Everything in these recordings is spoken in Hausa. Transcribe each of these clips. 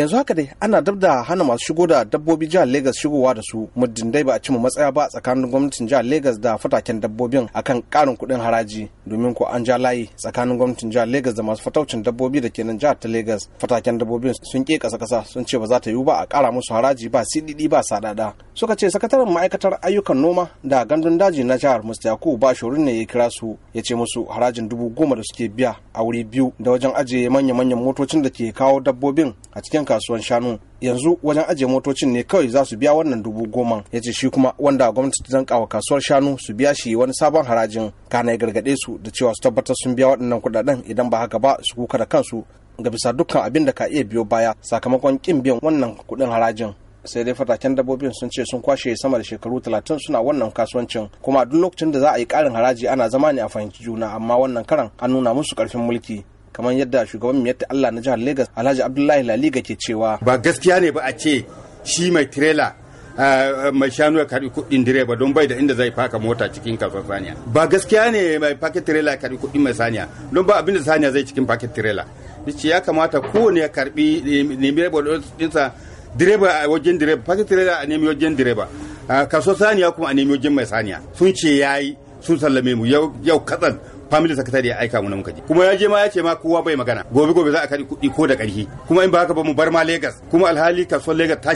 yanzu haka dai ana dab da hana masu shigo da dabbobi jihar Legas shigowa da su muddin dai ba a cimma matsaya ba tsakanin gwamnatin jihar Legas da fataken dabbobin akan karin kudin haraji domin ko an ja layi tsakanin gwamnatin jihar Legas da masu fataucin dabbobi da kenan jihar ta Legas fataken dabbobin sun ke kasa kasa sun ce ba za ta yiwu ba a kara musu haraji ba sididi ba sadada suka ce sakataren ma'aikatar ayyukan noma da gandun daji na jihar Musta Yakubu ba shorin ne ya kira su ya ce musu harajin dubu goma da suke biya a wuri biyu da wajen ajiye manya-manyan motocin da ke kawo dabbobin a cikin kasuwan shanu yanzu wajen ajiye motocin ne kawai za su biya wannan dubu goma ya ce shi kuma wanda gwamnati ta zanka wa kasuwar shanu su biya shi wani sabon harajin kana ya gargaɗe su da cewa su tabbatar sun biya waɗannan kuɗaɗen idan ba haka ba su kuka da kansu ga bisa dukkan abin da ka iya biyo baya sakamakon kin biyan wannan kuɗin harajin sai dai fataken dabbobin sun ce sun kwashe sama da shekaru talatin suna wannan kasuwancin kuma duk lokacin da za a yi ƙarin haraji ana zama ne a fahimci juna amma wannan karan an nuna musu ƙarfin mulki kamar yadda shugaban miyatta Allah na jihar Lagos Alhaji Abdullahi Laliga ke cewa ba gaskiya ne ba a ce shi mai trailer eh, mai shanu ya karbi kuɗin direba don bai da inda zai faka mota cikin kasuwar saniya ba gaskiya ne mai faket trailer ya karbi kuɗin mai saniya don ba abinda saniya zai cikin faket trailer ce ya kamata kowane ya karbi eh, nemi direba ɗinsa direba a wajen direba faket trailer a nemi wajen direba eh, kasuwar saniya kuma a nemi wajen mai saniya sun ce yayi sun sallame mu yau katsan family secretary ya aika mu na muka je kuma ya je ma ya ce ma kowa bai magana gobe gobe za a kadi kuɗi ko da ƙarfi kuma in ba haka ba mu bar ma Lagos kuma alhali kasuwar Lagos ta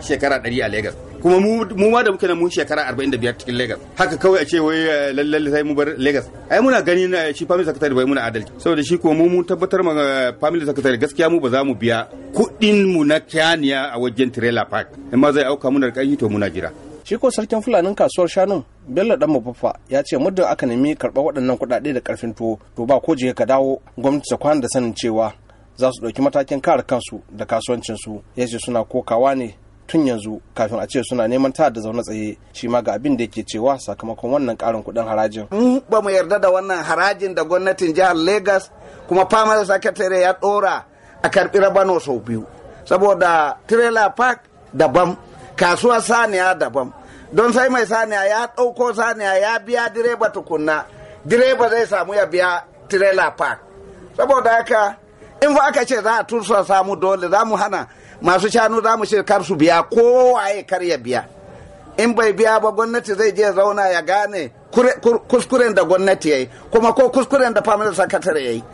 shekara 100 a Lagos kuma mu ma da muke nan mun shekara 45 cikin Lagos haka kawai a ce wai eh, lalle sai mu bar Lagos ai muna gani shi family secretary bai muna adalci saboda shi kuma mu mun tabbatar ma eh, family secretary gaskiya mu ba za mu biya kudin mu na kyaniya a wajen trailer park amma zai auka mu da karfi to muna jira shi ko sarkin fulanin kasuwar shanun bello dan mafaffa ya ce muddin aka nemi karɓar waɗannan kuɗaɗe da ƙarfin tuwo to ba ko jiya ka dawo gwamnati ta kwana da sanin cewa za su ɗauki matakin kare kansu da kasuwancinsu ya ce suna kokawa ne tun yanzu kafin a ce suna neman ta da zaune tsaye shi ma ga abin da yake cewa sakamakon wannan ƙarin kuɗin harajin. mu ba mu yarda da wannan harajin da gwamnatin jihar lagos kuma fama da sakatare ya ɗora a karɓi rabano sau biyu saboda trailer park daban kasuwa saniya daban don sai mai saniya ya ɗauko saniya ya biya direba tukunna direba zai samu ya biya tirela park saboda haka in fa aka ce za a tursa samu dole za mu hana masu shanu za mu shirkar su biya kowaye kar ya biya in bai biya ba gwamnati zai je zauna ya gane kuskuren da gwamnati ya yi kuma ko kuskuren da family sakatare ya yi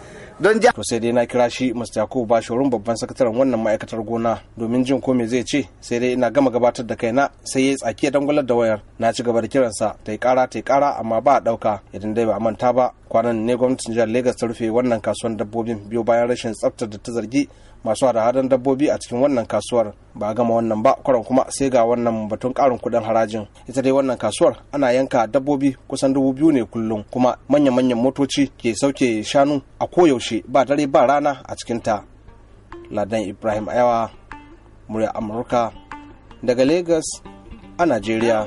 don ja to sai dai na kira shi Mr. Yakubu Bashorun babban sakataren wannan ma'aikatar gona domin jin ko me zai ce sai dai ina gama gabatar da kaina sai ya tsaki ya dangwalar da wayar na ci gaba da kiransa ta yi kara ta yi kara amma ba a dauka idan dai ba a manta ba kwanan ne gwamnatin jihar lagos ta rufe wannan kasuwar dabbobin biyu bayan rashin tsaftar da ta zargi masu hada-hadan dabbobi a cikin wannan kasuwar ba a gama wannan ba kwaran kuma sai ga wannan batun karin kudin harajin ita dai wannan kasuwar ana yanka dabbobi kusan dubu biyu ne kullum kuma manya-manyan motoci ke sauke shanu a koyaushe ba dare ba rana a cikin ta ladan ibrahim ayawa murya amurka daga lagos a najeriya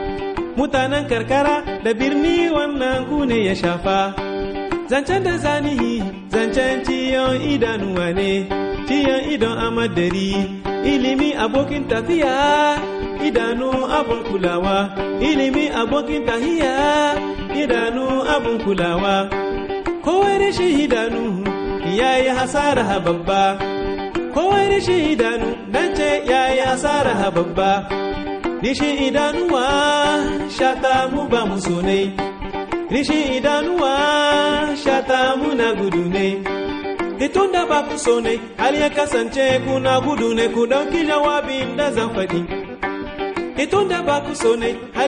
mutanen karkara da birni wannan ku ne ya shafa zancen da zanihi zancen ciyon idanuwa ne ciyon idon amadari ilimi abokin tafiya idanu abun kulawa ilimi abokin tahiya idanu abun kulawa kowai rashin idanu ya yi hasara babba kowai rashin idanu dan ce ya yi hasara babba Rishi idanuwa shata mu ba mu ne. Rishi idanuwa shata mu na gudu ne. Itun da ba ku so ne, hal ya kasance kuna gudu ne ku ɗauki jawabin da zan faɗi. Itun da ba ku so ne,